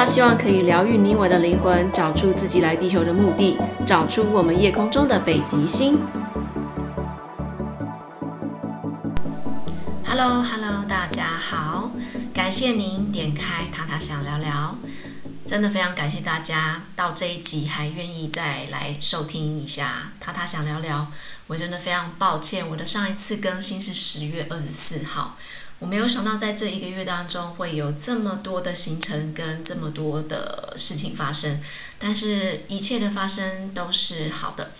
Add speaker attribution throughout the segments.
Speaker 1: 那希望可以療癒你我的靈魂，找出自己來地球的目的，找出我們夜空中的北極星。Hello，Hello，大家好，感謝您點開塔塔想聊聊，真的非常感謝大家到這一集還願意再來收聽一下塔塔想聊聊，我真的非常抱歉，我的上一次更新是十月二十四號。我沒有想到，在這一個月當中會有這麼多的行程跟這麼多的事情發生，但是一切的發生都是好的。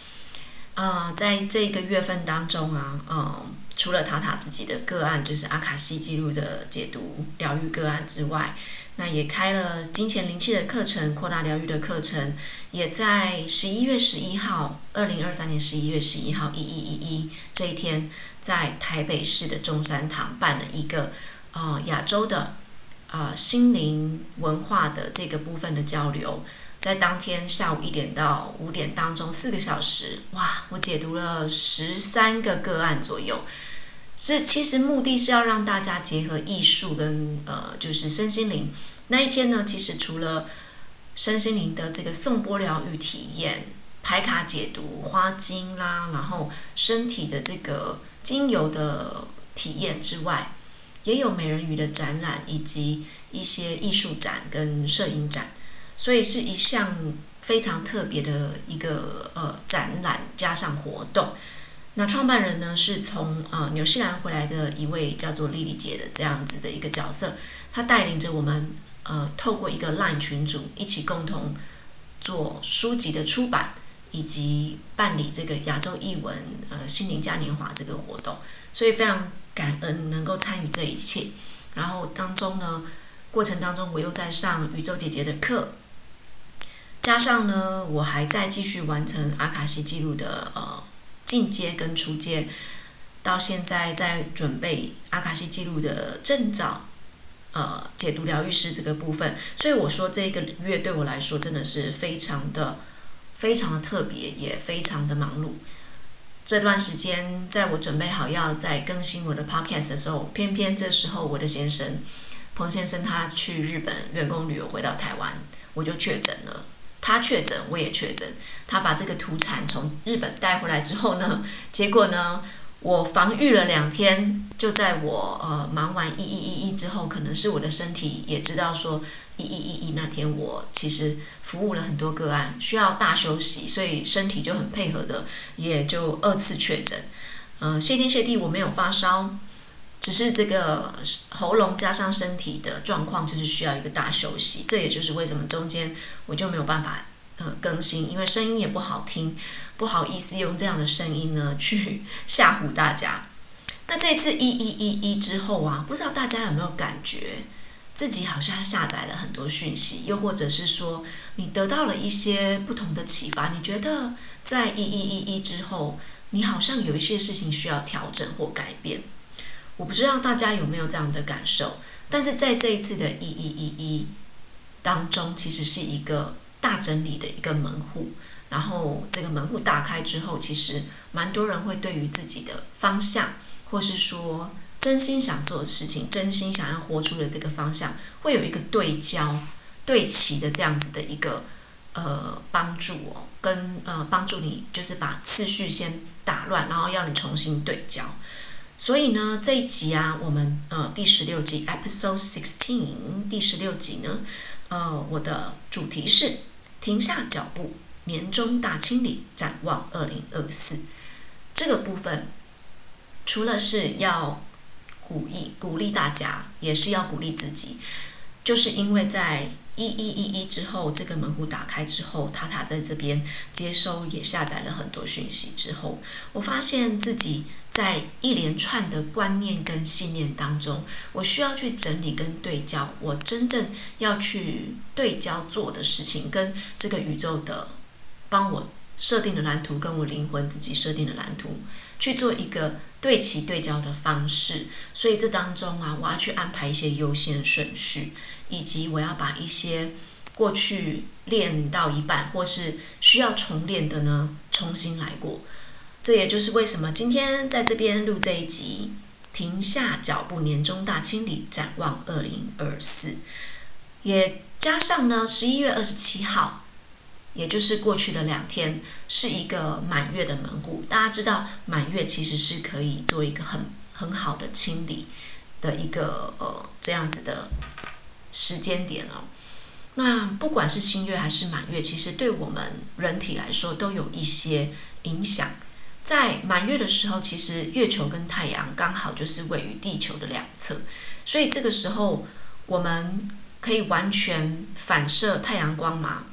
Speaker 1: 呃，在這一個月份當中啊，嗯、呃，除了塔塔自己的個案，就是阿卡西記錄的解讀、療癒個案之外，那也開了金錢靈氣的課程、擴大療癒的課程，也在十一月十一號，二零二三年十一月十一號一一一一這一天。在台北市的中山堂辦了一個，呃，亞洲的，呃，心靈文化的這個部分的交流，在當天下午一點到五點當中四個小時，哇，我解讀了十三個個案左右。是其實目的是要讓大家結合藝術跟呃，就是身心靈。那一天呢，其實除了身心靈的這個頌缽療癒體驗、牌卡解讀、花精啦、啊，然後身體的這個。精油的體驗之外，也有美人魚的展覽以及一些藝術展跟攝影展，所以是一項非常特別的一個呃展覽加上活動。那創辦人呢，是從呃紐西蘭回來的一位叫做莉莉姐的這樣子的一個角色，她帶領着我們呃透過一個 Line 群組一起共同做書籍的出版。以及辦理這個亞洲藝文呃心靈嘉年華這個活動，所以非常感恩能夠參與這一切。然後當中呢，過程當中我又在上宇宙姐姐的課，加上呢我還在繼續完成阿卡西記錄的呃進階跟初階，到現在在準備阿卡西記錄的證照呃解讀療癒師這個部分。所以我說這個月對我來說真的是非常的。非常的特別，也非常的忙碌。這段時間，在我準備好要再更新我的 podcast 的時候，偏偏這時候我的先生彭先生他去日本員工旅遊，回到台灣，我就確診了。他確診，我也確診。他把這個土產從日本帶回來之後呢，結果呢？我防禦了兩天，就在我呃忙完一一一一之後，可能是我的身體也知道說一一一一那天我其實服務了很多個案，需要大休息，所以身體就很配合的也就二次確診。嗯、呃，謝天謝地我沒有發燒，只是這個喉嚨加上身體的狀況就是需要一個大休息。這也就是為什麼中間我就沒有辦法呃更新，因為聲音也不好聽。不好意思，用這樣的聲音呢去嚇唬大家。那這一次一一一一之後啊，不知道大家有沒有感覺自己好像下載了很多訊息，又或者是說你得到了一些不同的啟發？你覺得在一一一一之後，你好像有一些事情需要調整或改變。我不知道大家有沒有這樣的感受，但是在這一次的一一一一當中，其實是一個大整理的一個門戶。然後這個門戶大開之後，其實蠻多人會對於自己的方向，或是說真心想做的事情，真心想要活出的這個方向，會有一個對焦、對齊的這樣子的一個呃幫助哦，跟呃幫助你就是把次序先打亂，然後要你重新對焦。所以呢，這一集啊，我們呃第十六集 （Episode 16） 第十六集呢，呃，我的主題是停下腳步。年終大清理，展望二零二四。這個部分除了是要鼓勵鼓勵大家，也是要鼓勵自己。就是因為在一一一一之後，這個門戶打開之後，塔塔在這邊接收也下載了很多訊息之後，我發現自己在一連串的觀念跟信念當中，我需要去整理跟對焦。我真正要去對焦做的事情，跟這個宇宙的。幫我設定的藍圖跟我靈魂自己設定的藍圖去做一個對齊對焦的方式，所以這當中啊，我要去安排一些優先順序，以及我要把一些過去練到一半或是需要重練的呢，重新來過。這也就是為什麼今天在這邊錄這一集，停下腳步，年終大清理，展望二零二四，也加上呢，十一月二十七號，也就是過去的兩天是一個滿月的門戶，大家知道滿月其實是可以做一個很很好的清理的一個呃這樣子的時間點哦。那不管是新月還是滿月，其實對我們人體來說都有一些影響。在滿月的時候，其實月球跟太陽剛好就是位於地球的兩側，所以這個時候我們可以完全反射太陽光芒。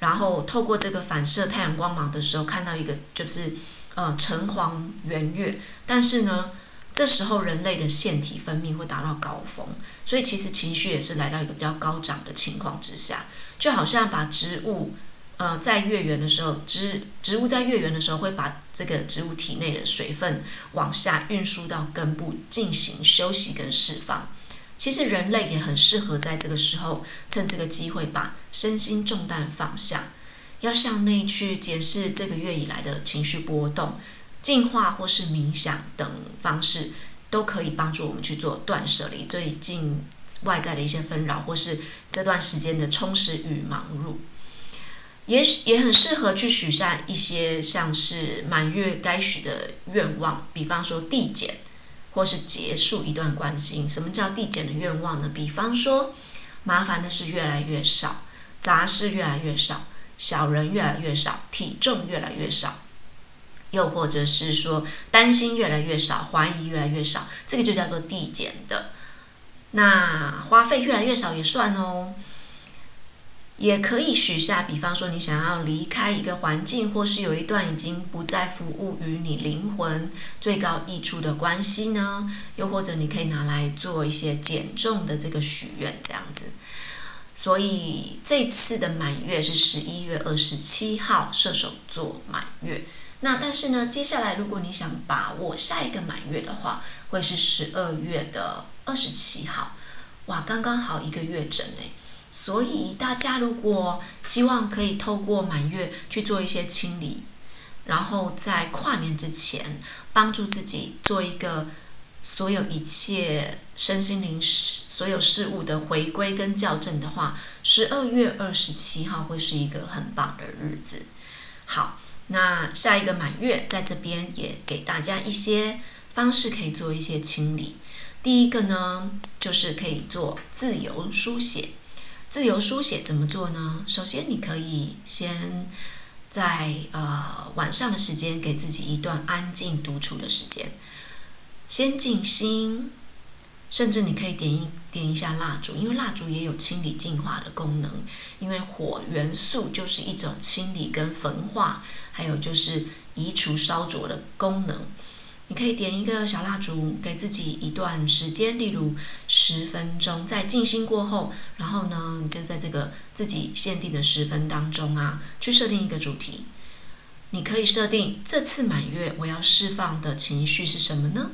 Speaker 1: 然後透過這個反射太陽光芒的時候，看到一個就是呃橙黃圓月，但是呢，這時候人類的腺體分泌會達到高峰，所以其實情緒也是來到一個比較高漲的情況之下，就好像把植物呃在月圓的時候，植植物在月圓的時候會把這個植物體內的水分往下運輸到根部進行休息跟釋放。其實人類也很適合在這個時候，趁這個機會把身心重擔放下，要向內去解釋這個月以來的情緒波動，淨化或是冥想等方式，都可以幫助我們去做斷舍離，最近外在的一些紛擾，或是這段時間的充實與忙碌，也也很適合去許下一些像是滿月該許的願望，比方說遞減。或是結束一段關係，什麼叫遞減的願望呢？比方說，麻煩的事越來越少，雜事越來越少，小人越來越少，體重越來越少，又或者是說，擔心越來越少，懷疑越來越少，這個就叫做遞減的。那花費越來越少也算哦。也可以許下，比方說你想要離開一個環境，或是有一段已經不再服務於你靈魂最高益處的關係呢？又或者你可以拿來做一些減重的這個許願這樣子。所以這次的滿月是十一月二十七號，射手座滿月。那但是呢，接下來如果你想把握下一個滿月的話，會是十二月的二十七號，哇，剛剛好一個月整哎、欸。所以大家如果希望可以透過滿月去做一些清理，然後在跨年之前幫助自己做一個所有一切身心靈所有事物的回歸跟校正的話，十二月二十七號會是一個很棒的日子。好，那下一個滿月在這邊也給大家一些方式可以做一些清理。第一個呢，就是可以做自由書寫。自由書寫怎麼做呢？首先，你可以先在呃晚上的時間給自己一段安靜獨處的時間，先靜心，甚至你可以點一點一下蠟燭，因為蠟燭也有清理淨化的功能，因為火元素就是一種清理跟焚化，還有就是移除燒灼的功能。你可以點一個小蠟燭，給自己一段時間，例如十分鐘，在靜心過後，然後呢，你就在這個自己限定的十分鐘當中啊，去設定一個主題。你可以設定這次滿月我要釋放的情緒是什麼呢？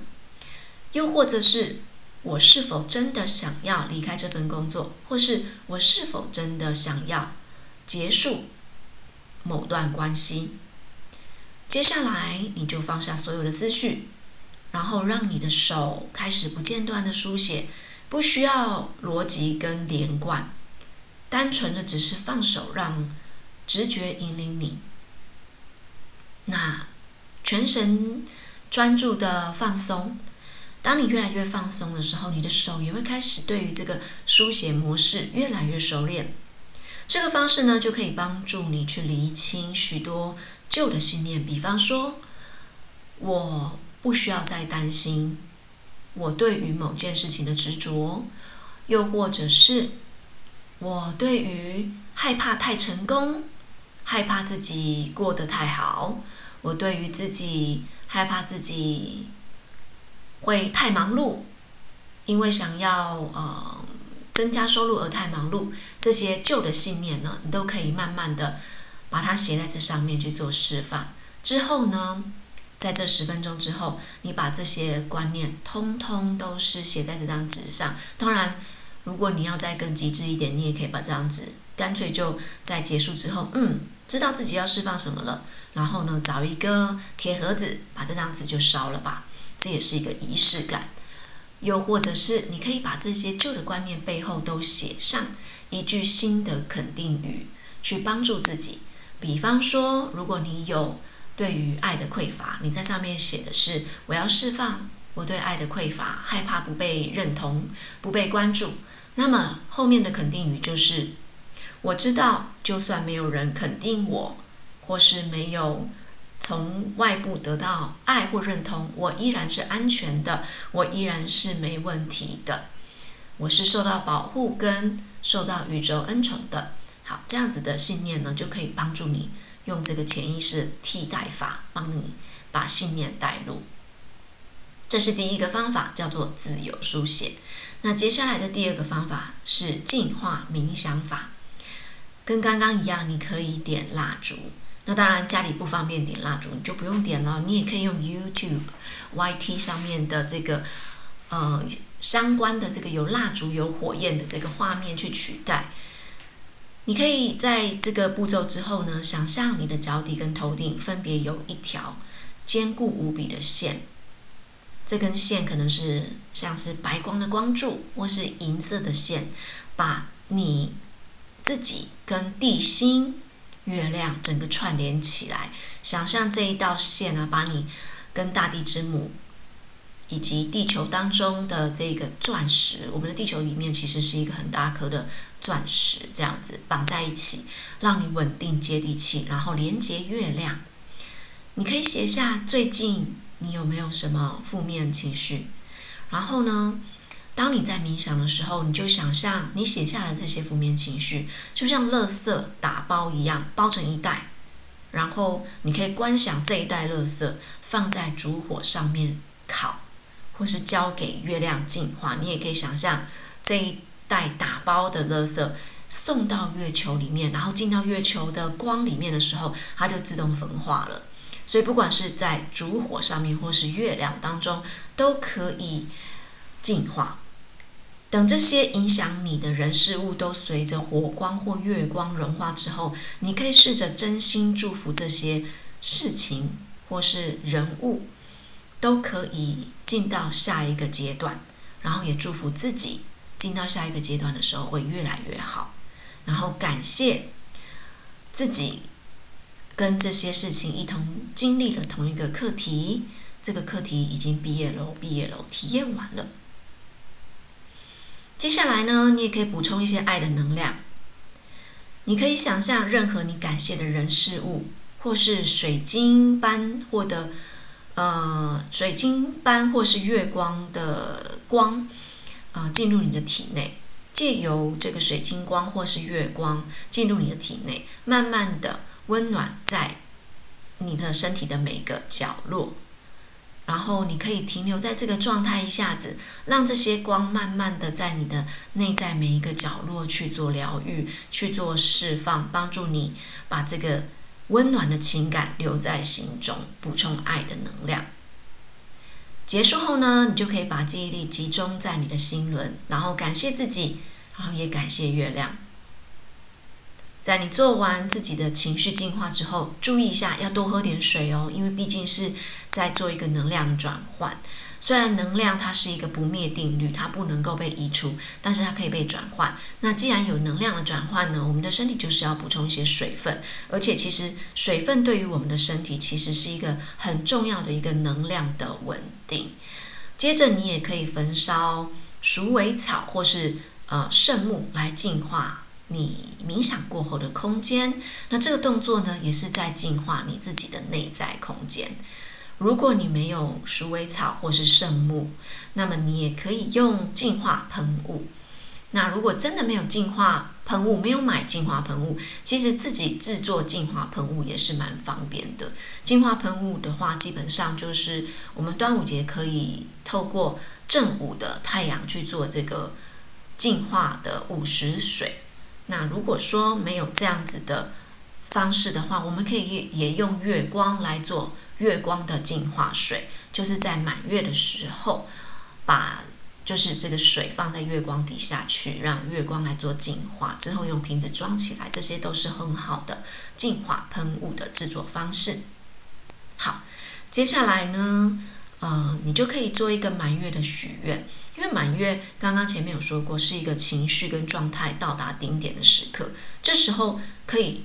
Speaker 1: 又或者是我是否真的想要離開這份工作，或是我是否真的想要結束某段關係？接下來，你就放下所有的思緒，然後讓你的手開始不間斷的書寫，不需要邏輯跟連貫，單純的只是放手，讓直覺引領你。那全神專注的放鬆。當你越來越放鬆的時候，你的手也會開始對於這個書寫模式越來越熟練。這個方式呢，就可以幫助你去釐清許多。舊的信念，比方說，我不需要再擔心我對於某件事情的執着，又或者是我對於害怕太成功，害怕自己過得太好，我對於自己害怕自己會太忙碌，因為想要呃增加收入而太忙碌，這些舊的信念呢，你都可以慢慢的。把它寫在這上面去做釋放，之後呢，在這十分鐘之後，你把這些觀念通通都是寫在這張紙上。當然，如果你要再更極致一點，你也可以把這張紙乾脆就在結束之後，嗯，知道自己要釋放什麼了，然後呢，找一個鐵盒子，把這張紙就燒了吧。這也是一個儀式感。又或者是你可以把這些舊的觀念背後都寫上一句新的肯定語，去幫助自己。比方說，如果你有對於愛的匱乏，你在上面寫的是“我要釋放我對愛的匱乏，害怕不被認同、不被關注”，那麼後面的肯定語就是“我知道，就算沒有人肯定我，或是沒有從外部得到愛或認同，我依然是安全的，我依然是沒問題的，我是受到保護跟受到宇宙恩寵的。”好，這樣子的信念呢，就可以幫助你用這個潛意識替代法，幫你把信念帶入。這是第一個方法，叫做自由書寫。那接下來的第二個方法是淨化冥想法，跟剛剛一樣，你可以點蠟燭。那當然家裡不方便點蠟燭，你就不用點了。你也可以用 YouTube、YT 上面的這個呃相關的這個有蠟燭、有火焰的這個畫面去取代。你可以在這個步驟之後呢，想象你的腳底跟頭頂分別有一條堅固無比的線，這根線可能是像是白光的光柱，或是銀色的線，把你自己跟地心、月亮整個串聯起來。想象這一道線呢，把你跟大地之母。以及地球當中的這個鑽石，我們的地球裡面其實是一個很大顆的鑽石，這樣子綁在一起，讓你穩定接地氣，然後連接月亮。你可以寫下最近你有沒有什麼負面情緒，然後呢，當你在冥想的時候，你就想象你寫下了這些負面情緒，就像垃圾打包一樣，包成一袋，然後你可以觀想這一袋垃圾放在燭火上面烤。或是交給月亮淨化，你也可以想象這一袋打包的垃圾送到月球裡面，然後進到月球的光裡面的時候，它就自動焚化了。所以，不管是在燭火上面，或是月亮當中，都可以淨化。等這些影響你的人事物都隨着火光或月光融化之後，你可以試着真心祝福這些事情或是人物，都可以。進到下一個階段，然後也祝福自己進到下一個階段的時候會越來越好。然後感謝自己跟這些事情一同經歷了同一個課題，這個課題已經畢業了，畢業了，體驗完了。接下來呢，你也可以補充一些愛的能量。你可以想象任何你感謝的人事物，或是水晶般獲得。或者呃，水晶般或是月光的光，呃，進入你的體內，借由這個水晶光或是月光進入你的體內，慢慢的溫暖在你的身體的每一個角落，然後你可以停留在這個狀態一下子，讓這些光慢慢的在你的內在每一個角落去做療癒，去做釋放，幫助你把這個。溫暖的情感留在心中，補充愛的能量。結束後呢，你就可以把記憶力集中在你的心輪，然後感謝自己，然後也感謝月亮。在你做完自己的情緒淨化之後，注意一下，要多喝點水哦，因為畢竟是在做一個能量的轉換。雖然能量它是一個不滅定律，它不能夠被移除，但是它可以被轉換。那既然有能量的轉換呢，我們的身體就是要補充一些水分，而且其實水分對於我們的身體其實是一個很重要的一個能量的穩定。接着你也可以焚燒鼠尾草或是呃聖木來淨化你冥想過後的空間。那這個動作呢，也是在淨化你自己的內在空間。如果你沒有鼠尾草或是聖木，那麼你也可以用淨化噴霧。那如果真的沒有淨化噴霧，沒有買淨化噴霧，其實自己製作淨化噴霧也是蠻方便的。淨化噴霧的話，基本上就是我們端午節可以透過正午的太陽去做這個淨化的午時水。那如果說沒有這樣子的方式的話，我們可以也用月光來做。月光的淨化水，就是在滿月的時候，把就是這個水放在月光底下去，讓月光來做淨化，之後用瓶子裝起來，這些都是很好的淨化噴霧的制作方式。好，接下來呢，嗯、呃，你就可以做一個滿月的許願，因為滿月剛剛前面有說過，是一個情緒跟狀態到達頂點的時刻，這時候可以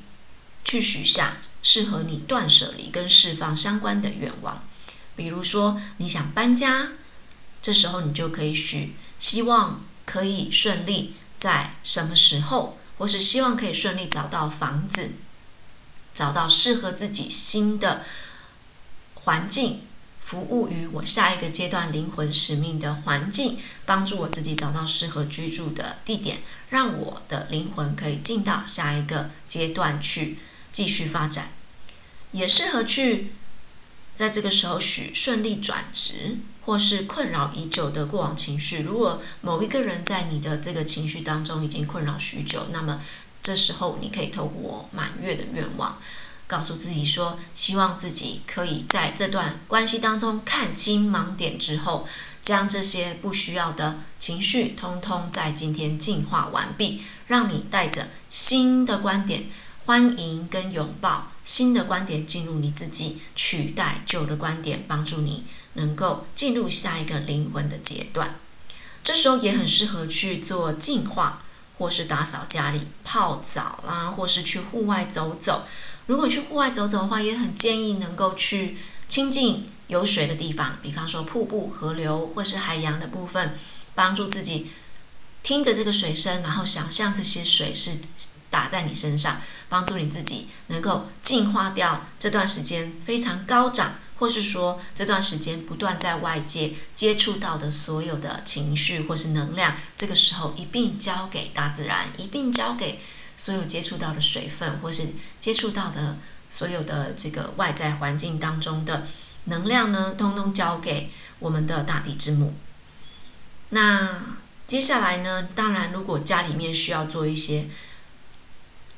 Speaker 1: 去許下。適合你斷捨離跟釋放相關的願望，比如說你想搬家，這時候你就可以許希望可以順利在什麼時候，或是希望可以順利找到房子，找到適合自己新的環境，服務於我下一個階段靈魂使命的環境，幫助我自己找到適合居住的地點，讓我的靈魂可以進到下一個階段去。繼續發展，也適合去在這個時候許順利轉職，或是困擾已久的過往情緒。如果某一個人在你的這個情緒當中已經困擾許久，那麼這時候你可以透過滿月的願望，告訴自己說：希望自己可以在這段關係當中看清盲點之後，將這些不需要的情緒通通在今天淨化完畢，讓你帶着新的觀點。歡迎跟擁抱新的觀點進入你自己，取代舊的觀點，幫助你能夠進入下一個靈魂的階段。這時候也很適合去做淨化，或是打掃家裡、泡澡啦、啊，或是去戶外走走。如果你去戶外走走的話，也很建議能夠去親近有水的地方，比方說瀑布、河流或是海洋的部分，幫助自己聽着這個水聲，然後想象這些水是打在你身上。幫助你自己能夠淨化掉這段時間非常高漲，或是說這段時間不斷在外界接觸到的所有的情緒或是能量，這個時候一併交給大自然，一併交給所有接觸到的水分，或是接觸到的所有的這個外在環境當中的能量呢，通通交給我們的大地之母。那接下來呢，當然如果家裡面需要做一些。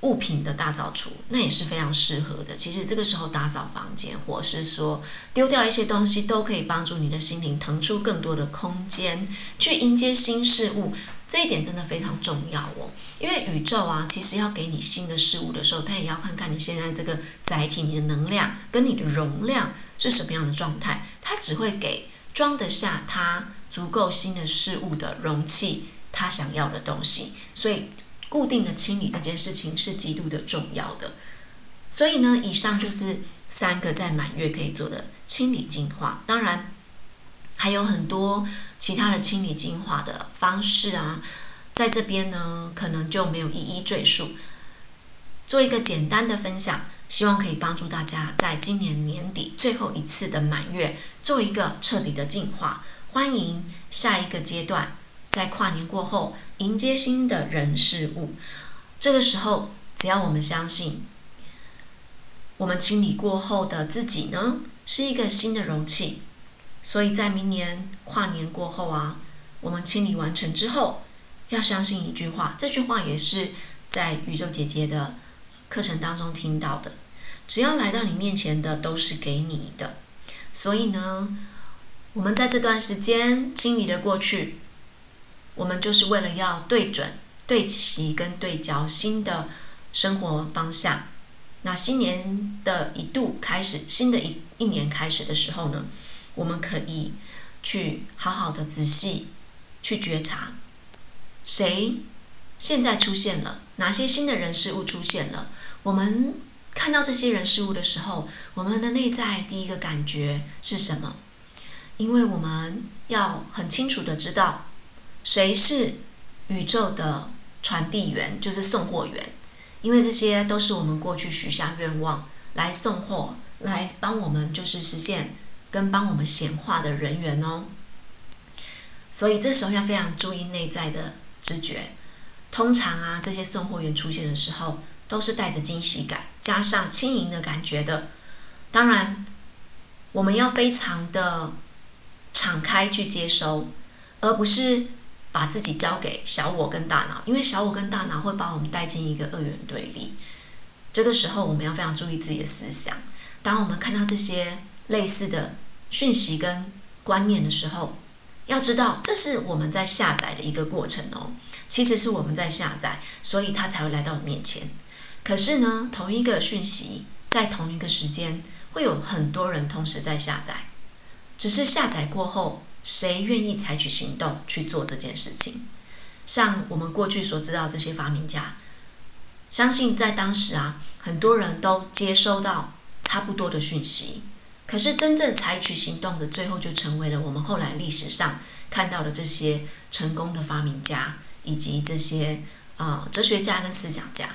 Speaker 1: 物品的大掃除，那也是非常適合的。其實這個時候打掃房間，或者是說丟掉一些東西，都可以幫助你的心靈騰出更多的空間，去迎接新事物。這一點真的非常重要哦，因為宇宙啊，其實要給你新的事物的時候，它也要看看你現在這個載體、你的能量跟你的容量是什麼樣的狀態。它只會給裝得下它足夠新的事物的容器，它想要的東西。所以。固定的清理，這件事情是極度的重要的，所以呢，以上就是三個在滿月可以做的清理淨化。當然還有很多其他的清理淨化的方式啊，在這邊呢可能就沒有一一贅述，做一個簡單的分享，希望可以幫助大家在今年年底最後一次的滿月做一個徹底的淨化，歡迎下一個階段。在跨年過後，迎接新的人事物。這個時候，只要我們相信，我們清理過後的自己呢，是一個新的容器。所以在明年跨年過後啊，我們清理完成之後，要相信一句話，這句話也是在宇宙姐姐的課程當中聽到的：只要來到你面前的，都是給你的。所以呢，我們在這段時間清理了過去。我們就是為了要對準、對齊跟對焦新的生活方向。那新年的一度開始，新的一一年開始的時候呢，我們可以去好好的仔細去覺察，誰現在出現了？哪些新的人事物出現了？我們看到這些人事物的時候，我們的內在第一個感覺是什麼？因為我們要很清楚的知道。誰是宇宙的傳遞員，就是送貨員，因為這些都是我們過去許下願望來送貨，來幫我們就是實現跟幫我們顯化的人員哦。所以這時候要非常注意內在的直覺。通常啊，這些送貨員出現的時候，都是帶着驚喜感，加上輕盈的感覺的。當然，我們要非常的敞開去接收，而不是。把自己交給小我跟大腦，因為小我跟大腦會把我們帶進一個二元對立。這個時候，我們要非常注意自己的思想。當我們看到這些類似的訊息跟觀念的時候，要知道這是我們在下載的一個過程哦。其實是我們在下載，所以它才會來到我們面前。可是呢，同一個訊息在同一個時間，會有很多人同時在下載，只是下載過後。誰願意採取行動去做這件事情？像我們過去所知道這些發明家，相信在當時啊，很多人都接收到差不多的訊息。可是真正採取行動的，最後就成為了我們後來歷史上看到的這些成功的發明家，以及這些啊、呃、哲學家跟思想家。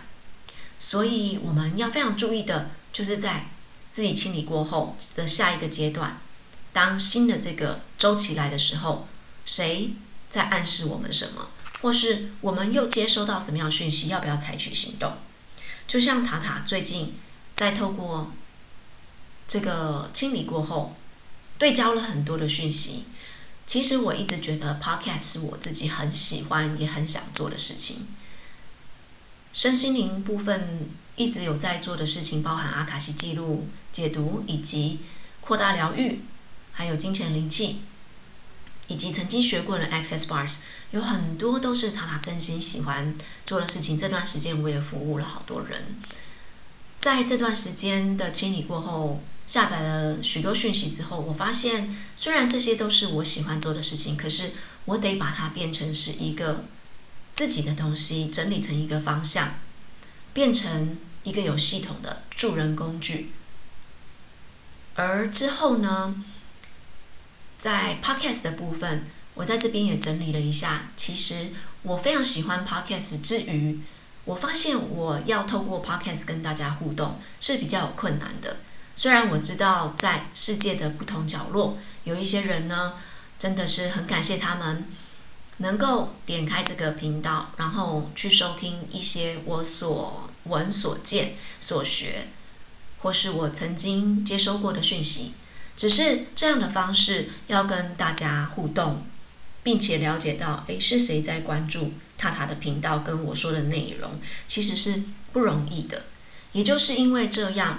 Speaker 1: 所以我們要非常注意的，就是在自己清理過後的下一個階段。當新的這個週期來的時候，誰在暗示我們什麼，或是我們又接收到什麼樣的訊息？要不要採取行動？就像塔塔最近在透過這個清理過後，對焦了很多的訊息。其實我一直覺得 Podcast 是我自己很喜歡也很想做的事情。身心靈部分一直有在做的事情，包含阿卡西記錄、解讀以及擴大療癒。還有金錢靈氣，以及曾經學過的 Access Bars，有很多都是塔塔真心喜歡做的事情。這段時間我也服務了好多人。在這段時間的清理過後，下載了許多訊息之後，我發現雖然這些都是我喜歡做的事情，可是我得把它變成是一個自己的東西，整理成一個方向，變成一個有系統的助人工具。而之後呢？在 Podcast 的部分，我在這邊也整理了一下。其實我非常喜歡 Podcast 之餘，我發現我要透過 Podcast 跟大家互動是比較困難的。雖然我知道在世界的不同角落，有一些人呢，真的是很感謝他們能夠點開這個頻道，然後去收聽一些我所聞、所見、所學，或是我曾經接收過的訊息。只是這樣的方式要跟大家互動，並且了解到，哎，是誰在關注塔塔的頻道跟我說的內容，其實是不容易的。也就是因為這樣，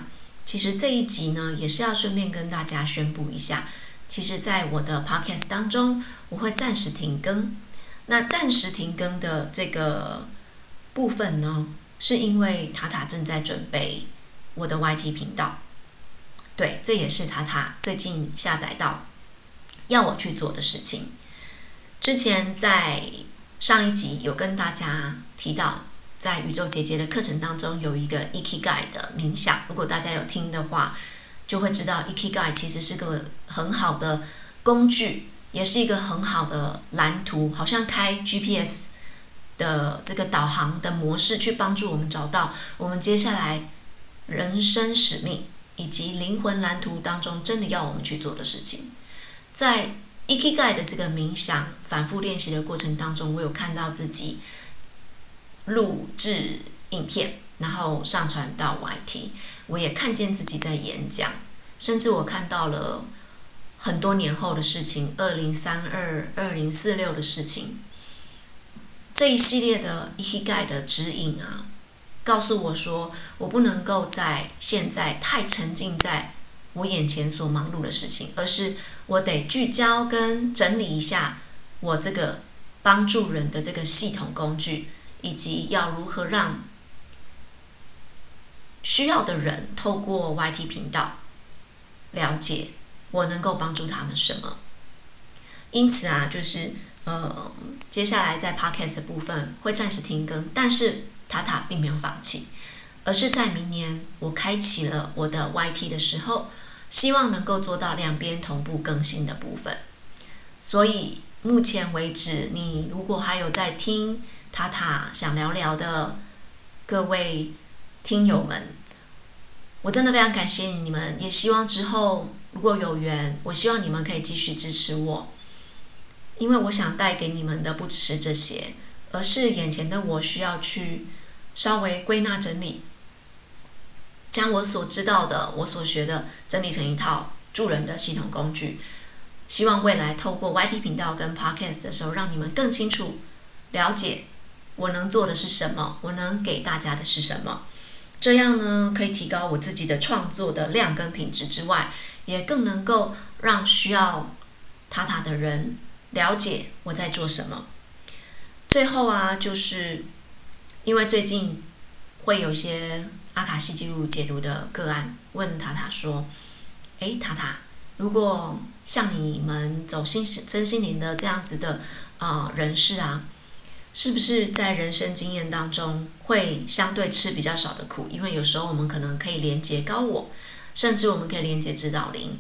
Speaker 1: 其實這一集呢，也是要順便跟大家宣布一下，其實，在我的 podcast 當中，我會暫時停更。那暫時停更的這個部分呢，是因為塔塔正在準備我的 YT 頻道。對，這也是塔塔最近下載到要我去做的事情。之前在上一集有跟大家提到，在宇宙姐姐的課程當中有一個 Ikigai 的冥想，如果大家有聽的話，就會知道 Ikigai 其實是個很好的工具，也是一個很好的藍圖，好像開 GPS 的這個導航的模式，去幫助我們找到我們接下來人生使命。以及靈魂藍圖當中真的要我們去做的事情，在 ikigai 的這個冥想反覆練習的過程當中，我有看到自己錄製影片，然後上傳到 YT，我也看見自己在演講，甚至我看到了很多年後的事情，二零三二、二零四六的事情，這一系列的 ikigai 的指引啊。告訴我說，我不能夠在現在太沉浸在我眼前所忙碌的事情，而是我得聚焦跟整理一下我這個幫助人的這個系統工具，以及要如何讓需要的人透過 YT 頻道了解我能夠幫助他們什麼。因此啊，就是呃，接下來在 Podcast 的部分會暫時停更，但是塔塔並沒有放棄，而是在明年我開啟了我的 YT 的時候，希望能夠做到兩邊同步更新的部分。所以目前為止，你如果還有在聽塔塔想聊聊的各位聽友們，我真的非常感謝你們，也希望之後如果有緣，我希望你們可以繼續支持我，因為我想帶給你們的不只是這些。而是眼前的我需要去稍微歸納整理，將我所知道的、我所學的整理成一套助人的系統工具。希望未來透過 YT 頻道跟 Podcast 的時候，讓你們更清楚了解我能做的是什麼，我能給大家的是什麼。這樣呢，可以提高我自己的創作的量跟品質之外，也更能夠讓需要塔塔的人了解我在做什麼。最後啊，就是因為最近會有些阿卡西記錄解讀的個案，問塔塔說：“哎、欸，塔塔，如果像你們走心身心靈的這樣子的啊人士啊，是不是在人生經驗當中會相對吃比較少的苦？因為有時候我們可能可以連接高我，甚至我們可以連接指導靈，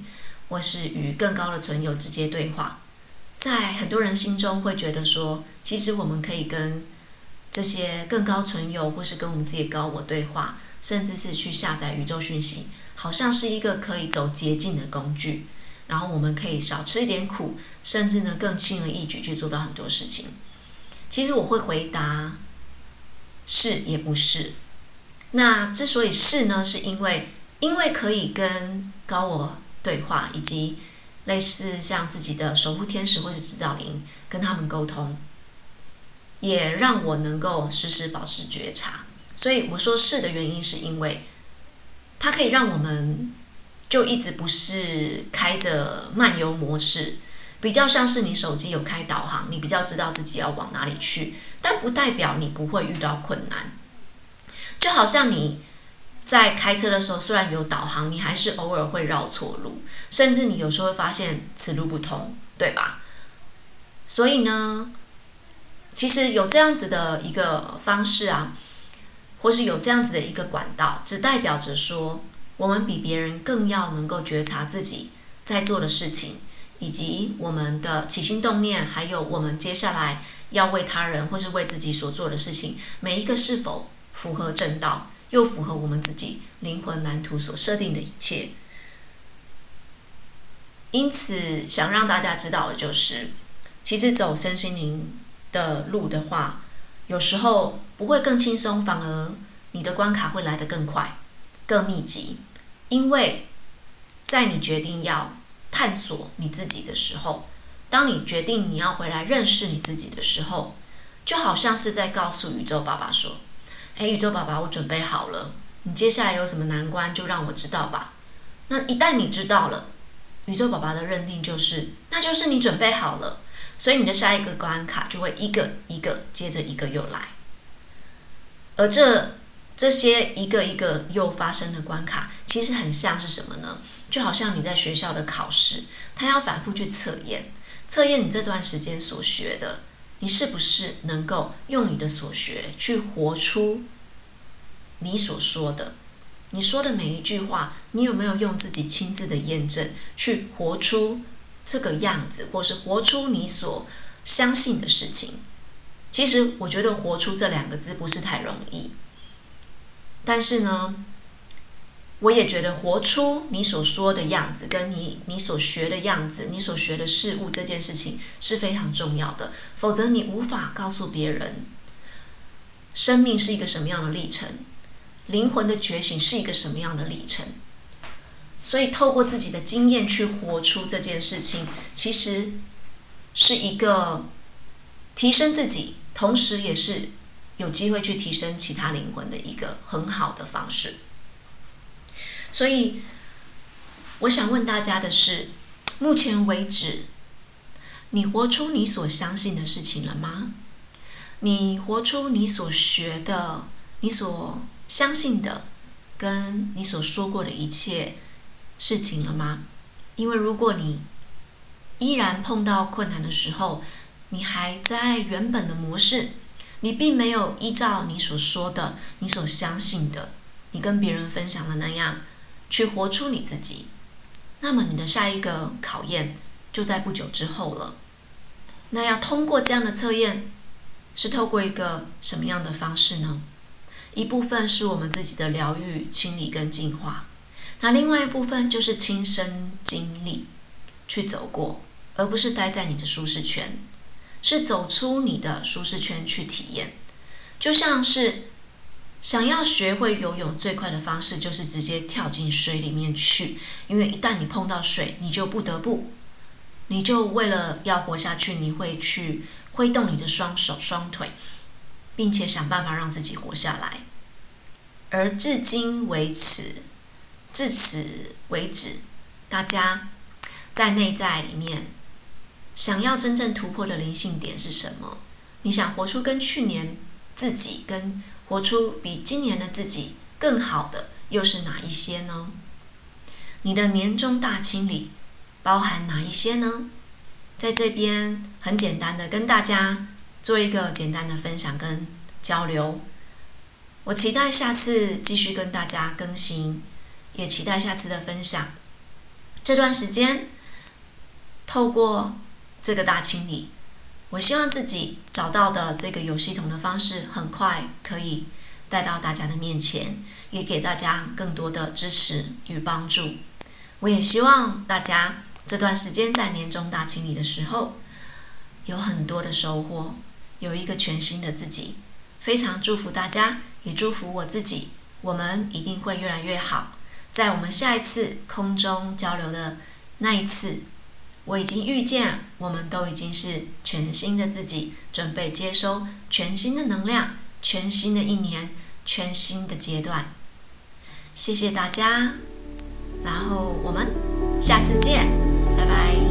Speaker 1: 或是與更高的存有直接對話。”在很多人心中會覺得說，其實我們可以跟這些更高存有，或是跟我們自己的高我對話，甚至是去下載宇宙訊息，好像是一個可以走捷徑的工具。然後我們可以少吃一點苦，甚至呢更輕而易舉去做到很多事情。其實我會回答是也不是。那之所以是呢，是因為因為可以跟高我對話，以及。類似像自己的守護天使或者指導靈，跟他們溝通，也讓我能夠時時保持覺察。所以我說是的原因，是因為它可以讓我們就一直不是開着漫遊模式，比較像是你手機有開導航，你比較知道自己要往哪裡去，但不代表你不會遇到困難。就好像你。在開車的時候，雖然有導航，你還是偶爾會繞錯路，甚至你有時候會發現此路不通，對吧？所以呢，其實有這樣子的一個方式啊，或是有這樣子的一個管道，只代表着說，我們比別人更要能夠覺察自己在做的事情，以及我們的起心動念，還有我們接下來要為他人或是為自己所做的事情，每一個是否符合正道。又符合我們自己靈魂藍圖所設定的一切，因此想讓大家知道的就是，其實走身心靈的路的話，有時候不會更輕鬆，反而你的關卡會來得更快、更密集，因為在你決定要探索你自己的時候，當你決定你要回來認識你自己的時候，就好像是在告訴宇宙爸爸說。誒，宇宙爸爸，我準備好了。你接下來有什麼難關，就讓我知道吧。那一旦你知道了，宇宙爸爸的認定就是，那就是你準備好了。所以你的下一個關卡就會一個一個接着一個又來。而這這些一個一個又發生的關卡，其實很像是什麼呢？就好像你在學校的考試，他要反覆去測驗，測驗你這段時間所學的。你是不是能夠用你的所學去活出你所說的？你說的每一句話，你有沒有用自己親自的驗證去活出這個樣子，或是活出你所相信的事情？其實我覺得活出這兩個字不是太容易，但是呢，我也覺得活出你所說的樣子，跟你你所學的樣子，你所學的事物這件事情是非常重要的。否則，你無法告訴別人，生命是一個什麼樣的歷程，靈魂的覺醒是一個什麼樣的歷程。所以，透過自己的經驗去活出這件事情，其實是一個提升自己，同時也是有機會去提升其他靈魂的一個很好的方式。所以，我想問大家的是：目前為止，你活出你所相信的事情了嗎？你活出你所學的、你所相信的、跟你所說過的一切事情了嗎？因為如果你依然碰到困難的時候，你還在原本的模式，你並沒有依照你所說的、你所相信的、你跟別人分享的那樣。去活出你自己，那麼你的下一個考驗就在不久之後了。那要通過這樣的測驗，是透過一個什麼樣的方式呢？一部分是我們自己的療癒、清理跟淨化，那另外一部分就是親身經歷去走過，而不是待在你的舒適圈，是走出你的舒適圈去體驗，就像是。想要學會游泳最快的方式，就是直接跳進水裡面去。因為一旦你碰到水，你就不得不，你就為了要活下去，你會去揮動你的雙手雙腿，並且想辦法讓自己活下來。而至今為止，至此為止，大家在內在裡面想要真正突破的靈性點是什麼？你想活出跟去年自己跟，活出比今年的自己更好的，又是哪一些呢？你的年終大清理包含哪一些呢？在這邊很簡單的跟大家做一個簡單的分享跟交流。我期待下次繼續跟大家更新，也期待下次的分享。這段時間透過這個大清理。我希望自己找到的這個有系統的方式，很快可以帶到大家的面前，也給大家更多的支持與幫助。我也希望大家這段時間在年終大清理的時候，有很多的收穫，有一個全新的自己。非常祝福大家，也祝福我自己。我們一定會越來越好。在我們下一次空中交流的那一次。我已經預見，我們都已經是全新的自己，準備接收全新的能量，全新的一年，全新的階段。謝謝大家，然後我們下次見，拜拜。